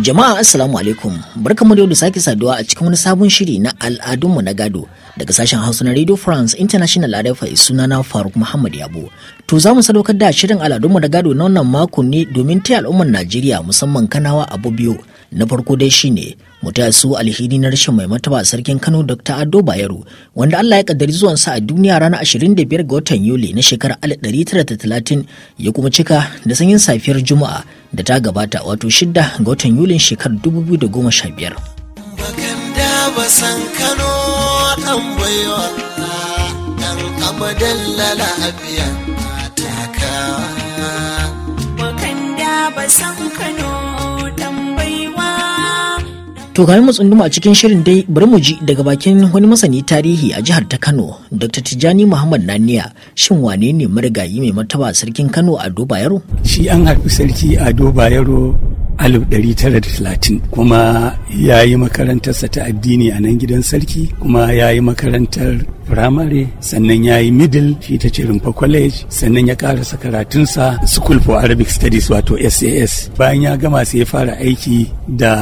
Jama'a Assalamu alaikum barkamu da sake saduwa a cikin wani sabon shiri na al'adunmu na gado daga sashen Hausa na Radio France International RFI sunana Faruk Muhammad Yabo. To za mu sadaukar da shirin al'adunmu na gado na wannan makon ne domin taya al'ummar Najeriya musamman Kanawa abu biyu. Na farko dai shine mu taya su alhini na rashin mai mataba sarkin Kano Dr. Ado Bayero wanda Allah ya kaddari zuwan sa a duniya ranar 25 ga watan Yuli na shekarar 1930 ya kuma cika da sanyin safiyar Juma'a da ta gabata wato shidda ga watan yulin shekarar 2015 Kano ɗan baiwa ɗan abadalla lafiya To kayan mu tsunduma a cikin shirin dai bari mu ji daga bakin wani masani tarihi a jihar ta Kano, Dr. Tijjani Muhammad Naniya, shin wane ne marigayi mai martaba sarkin Kano Ado Bayero? Shi an haifi sarki Ado Bayero 1930 kuma ya yi makarantarsa ta addini a nan gidan sarki kuma ya yi makarantar primary sannan ya yi middle shi ta ce rumfa college sannan ya karasa karatunsa school for arabic studies wato sas bayan ya gama sai ya fara aiki da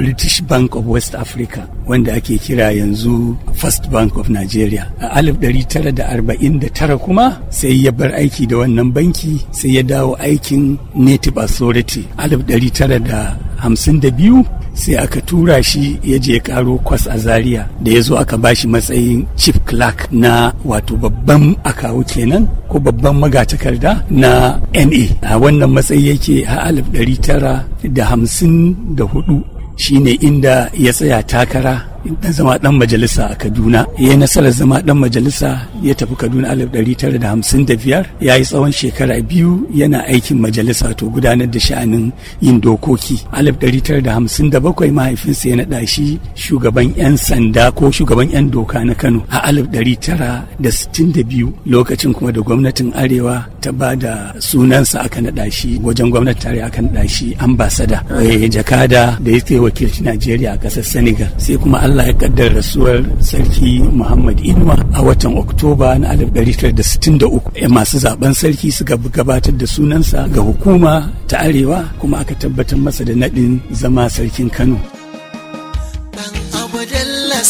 british bank of west africa wanda ake kira yanzu first bank of nigeria a 1949 kuma sai ya bar aiki da wannan banki sai ya dawo aikin native authority 1900 hamsin da biyu sai aka tura shi ya je karo kwas a zaria da ya zo aka ba shi matsayin chief clerk na wato babban akawu kenan ko babban magatakarda na na a wannan matsayi yake a alif ɗari tara da hamsin da hudu shine inda ya tsaya takara ɗan zama ɗan majalisa a Kaduna ya yi nasarar zama ɗan majalisa ya tafi Kaduna alif ɗari tara da hamsin biyar ya yi tsawon shekara biyu yana aikin majalisa to gudanar da sha'anin yin dokoki Alif ɗari tara da da hamsin bakwai mahaifinsa ya naɗa shi shugaban 'yan sanda ko shugaban 'yan doka na Kano a alif ɗari tara da da sittin biyu lokacin kuma da gwamnatin Arewa ta ba da sunansa aka naɗa shi wajen gwamnati tare aka naɗa shi ambasada eh, jakada da ya wakilci Najeriya a ƙasar Senegal sai kuma Allah ya kaddar rasuwar sarki Muhammad Inuwa a watan Oktoba na 1963 eh, masu zaben sarki suka gabatar da sunansa ga hukuma ta Arewa kuma aka tabbatar masa da naɗin zama sarkin Kano.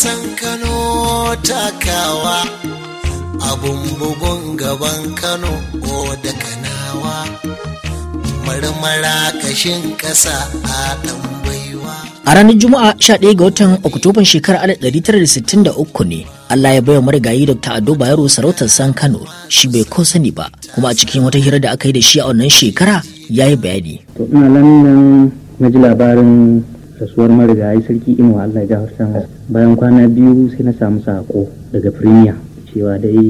san Kano takawa abun bugun gaban Kano ko da Kanawa marmara kashin ƙasa a ɗan A ranar Juma'a 11 ga watan Oktoban shekarar 1963 ne Allah ya baiwa marigayi Dr. Ado Bayero sarautar San Kano shi bai ko sani ba kuma a cikin wata hira da aka yi da shi a wannan shekara ya yi bayani. To ina nan na ji labarin rasuwar marigayi sarki Imo Allah ya jahar bayan kwana biyu sai na samu sako daga Firimiya cewa dai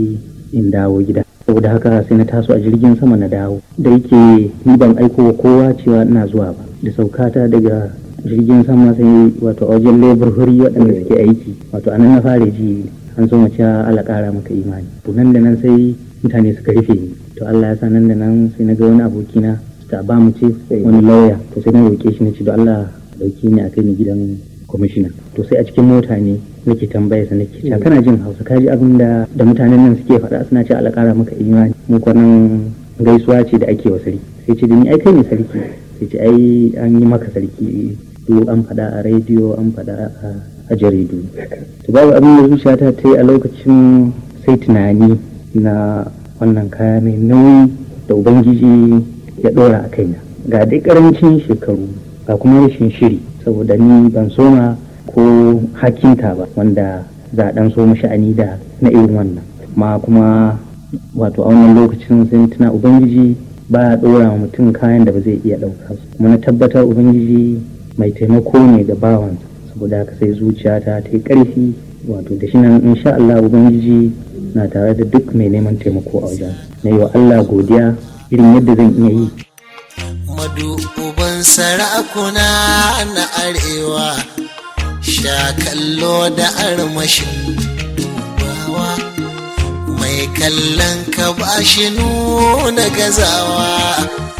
in dawo gida. saboda haka sai na taso a jirgin sama na dawo da yake ni ban aiko kowa cewa ina zuwa ba da saukata daga jirgin sama sai wato wajen lebur huri waɗanda suke aiki wato anan na fara ji an so mace ala ƙara maka imani to nan da nan sai mutane suka rufe ni to Allah ya sa nan da nan sai na ga wani na ta ba mu ce wani lauya to sai na roƙe shi na ce da Allah dauki ni a kai ni gidan kwamishina to sai a cikin mota ne nake tambaya sa nake ta kana jin hausa ka abin da da mutanen nan suke faɗa suna ce ala ƙara maka imani mu kwanan gaisuwa ce da ake wa sarki sai ce da ni ai kai ne sarki sai ce ai an yi maka sarki duk an faɗa a rediyo an faɗa a jaridu to babu abin da zuciyata ta yi a lokacin sai tunani na wannan kaya mai nauyi da ubangiji ya ɗora a kaina ga dai ƙarancin shekaru ga kuma rashin shiri saboda ni ban soma ko hakinta ba wanda za a ɗan so sha'ani da na irin wannan ma kuma wato a wannan lokacin sai tuna ubangiji ba ya ɗora wa mutum kayan da ba zai iya ɗauka su kuma na tabbatar ubangiji mai taimako ne ga bawan saboda haka sai zuciyata ta yi ƙarfi wato da shi nan insha Allah ubangiji na tare da duk mai neman taimako a wajen na yi wa Allah godiya irin yadda zan iya yi maduuban sarakuna na arewa sha kallo da armashin dubawa mai kallon ka bashi nuna gazawa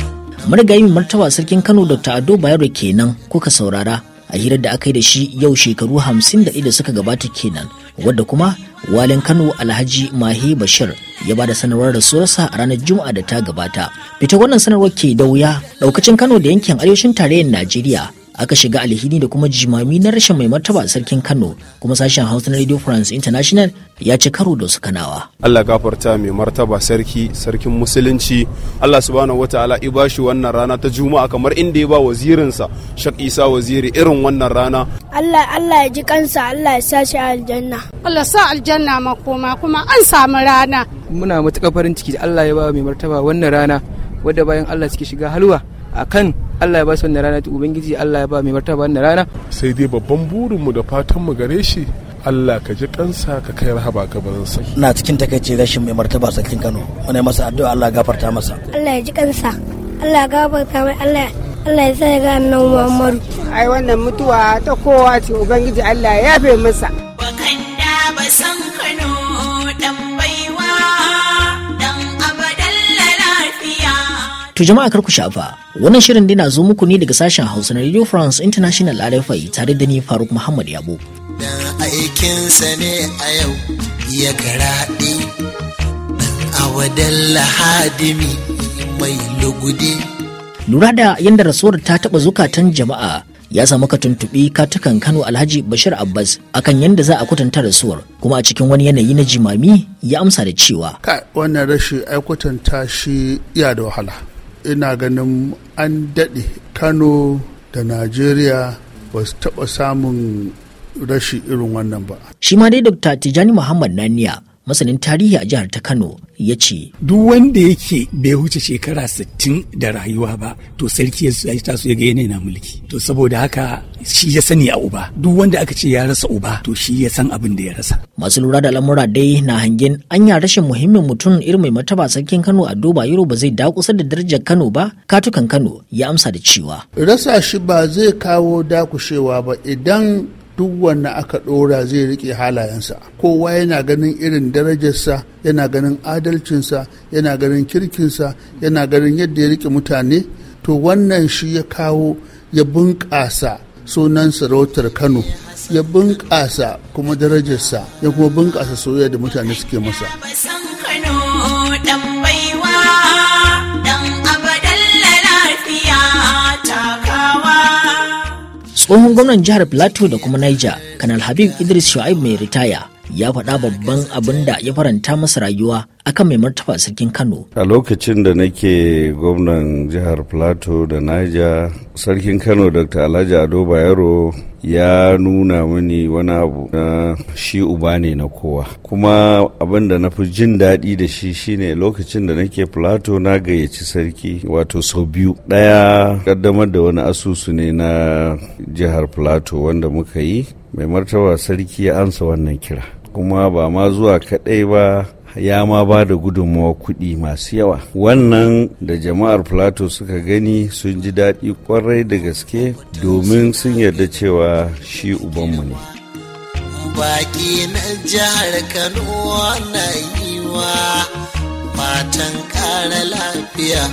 marigayin martaba sarkin kano dr ado bayero kenan kuka saurara a hirar da aka yi da shi yau shekaru hamsin da da suka gabata kenan wadda kuma walin kano alhaji mahi bashir ya ba da sanarwar rasuwarsa a ranar juma'a da ta gabata fita wannan sanarwar ke da wuya daukacin kano da yankin arewacin tarayyar najeriya aka shiga alhini da kuma jimami na rashin mai martaba a sarkin kano kuma sashen hausa na radio france international ya ci karo da su kanawa allah gafarta mai martaba sarki sarkin musulunci allah subhanahu wataala i bashi wannan rana ta juma'a kamar inda ya ba wazirinsa shak isa waziri irin wannan rana allah allah ya ji kansa allah ya sa shi aljanna allah sa aljanna makoma kuma an samu rana muna matuƙar farin ciki da allah ya ba mai martaba wannan rana wadda bayan allah suke shiga halwa akan Allah ya ba su wannan rana ta ubangiji Allah ya ba mai martaba wannan rana sai dai babban burinmu da mu gare shi Allah ka ji kansa ka kai rahaba sa. Ina cikin takaice rashin mai martaba sarkin Kano. Muna masa addu'a Allah gafarta masa. Allah ya ji kansa. Allah gafarta mai Allah Allah ya sa ga annabi Muhammadu. Ai wannan mutuwa ta kowa ce Ubangiji Allah ya yafe masa. To jama'a kar ku shafa. Wannan shirin dai na zo muku ne daga sashen Hausa na Radio France International RFI tare da ni Faruk Muhammad Yabo. Dan aikinsa ne a yau ya karaɗe. Awadan lahadimi mai lugudi. Lura da yadda rasuwar ta taɓa zukatan jama'a ya samu ka tuntuɓi katukan Kano Alhaji Bashir Abbas akan yadda za a kwatanta rasuwar kuma a cikin wani yanayi na jimami ya amsa da cewa. Kai wannan rashin ai kwatanta shi ya da wahala. ina ganin an daɗe kano da najeriya ba su taɓa samun rashi irin wannan ba shi ma dai dr tijani muhammad naniya masanin tarihi a jihar ta kano ya ce duk wanda yake bai wuce shekara sittin da rayuwa ba to sarki ya taso ya ga yanayi na mulki to saboda haka shi ya sani a uba duk wanda aka ce ya rasa uba to shi ya san abin da ya rasa masu lura da lamura dai na hangen anya rashin muhimmin mutum irin mai mataba sarkin kano a doba yaro ba zai da kusa da darajar kano ba katukan kano ya amsa da cewa rasa shi ba zai kawo dakushewa ba idan duk wanda aka ɗora zai riƙe halayensa kowa yana ganin irin darajarsa yana ganin adalcinsa yana ganin kirkinsa yana ganin yadda ya riƙe mutane to wannan shi ya kawo ya bunƙasa sunan sarautar kano ya bunƙasa kuma darajarsa ya kuma bunƙasa soyayya da mutane suke masa. tsohon gwamnan jihar plateau da kuma niger kanal habib idris shu'aib mai ritaya ya faɗa babban abin da ya faranta masa rayuwa akan mai martaba sarkin kano a lokacin da nake gwamnan jihar plateau da niger sarkin kano dr alhaji ado bayero ya nuna mini wani abu na shi uba ne na kowa kuma abin da na fi jin daɗi da shi shine lokacin da nake plato na gayyaci sarki wato sau biyu ɗaya ƙaddamar da wani asusu ne na jihar plato wanda muka yi mai martaba sarki ya ansa wannan kira kuma ba ma zuwa kaɗai ba ya ma ba da gudunmawa kuɗi masu yawa wannan da jama'ar plateau suka gani sun ji daɗi kwarai da gaske domin sun yarda cewa shi ubanmu ne baki na jihar kano na yiwa ƙara lafiya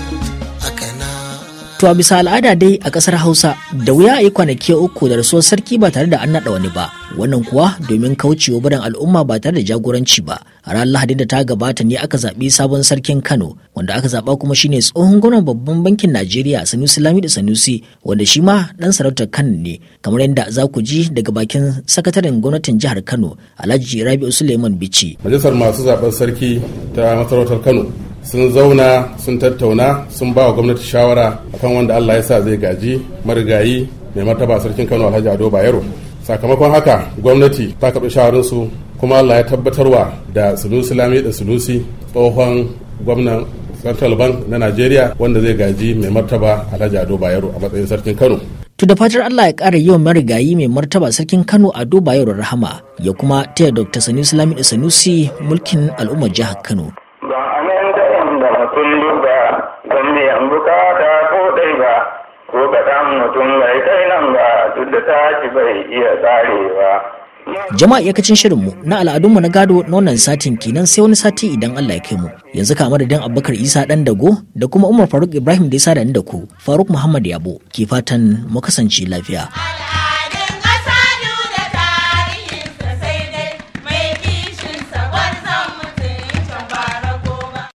To a bisa al'ada dai a kasar Hausa da wuya a yi kwanaki uku da rasuwar sarki ba tare da an naɗa wani ba. Wannan kuwa domin kaucewa barin al'umma ba tare da jagoranci ba. A ranar Lahadi da ta gabata ne aka zaɓi sabon sarkin Kano wanda aka zaɓa kuma shine tsohon gwamnan babban bankin Najeriya Sanusi Lamidu Sanusi wanda shi ma ɗan sarautar Kano ne kamar yadda za ku ji daga bakin sakataren gwamnatin jihar Kano Alhaji Rabi'u Suleiman Bichi. Majalisar masu zaɓen sarki ta masarautar Kano sun zauna sun tattauna sun ba wa gwamnati shawara akan wanda allah ya sa zai gaji marigayi mai martaba sarkin kano alhaji ado bayero sakamakon haka gwamnati ta kaɓi shawararsu kuma allah ya tabbatarwa da sunusi lami da sunusi tsohon gwamnan central bank na najeriya wanda zai gaji mai martaba alhaji ado bayero a matsayin sarkin kano To da fatar Allah ya ƙara yawan marigayi mai martaba sarkin Kano a bayero Yaro Rahama ya kuma taya Dr. Sanusi lamidi Sanusi mulkin al'ummar jihar Kano. mutum mai kai nan ba duk da tashi bai iya tsarewa. Jama'a iyakacin shirinmu na al'adunmu na gado na wannan satin kenan sai wani sati idan Allah ya kai mu. Yanzu kama da dan Abubakar Isa dan Dago da kuma Umar Faruk Ibrahim da ya da ni da ku. Faruk Muhammad Yabo ke fatan mu kasance lafiya.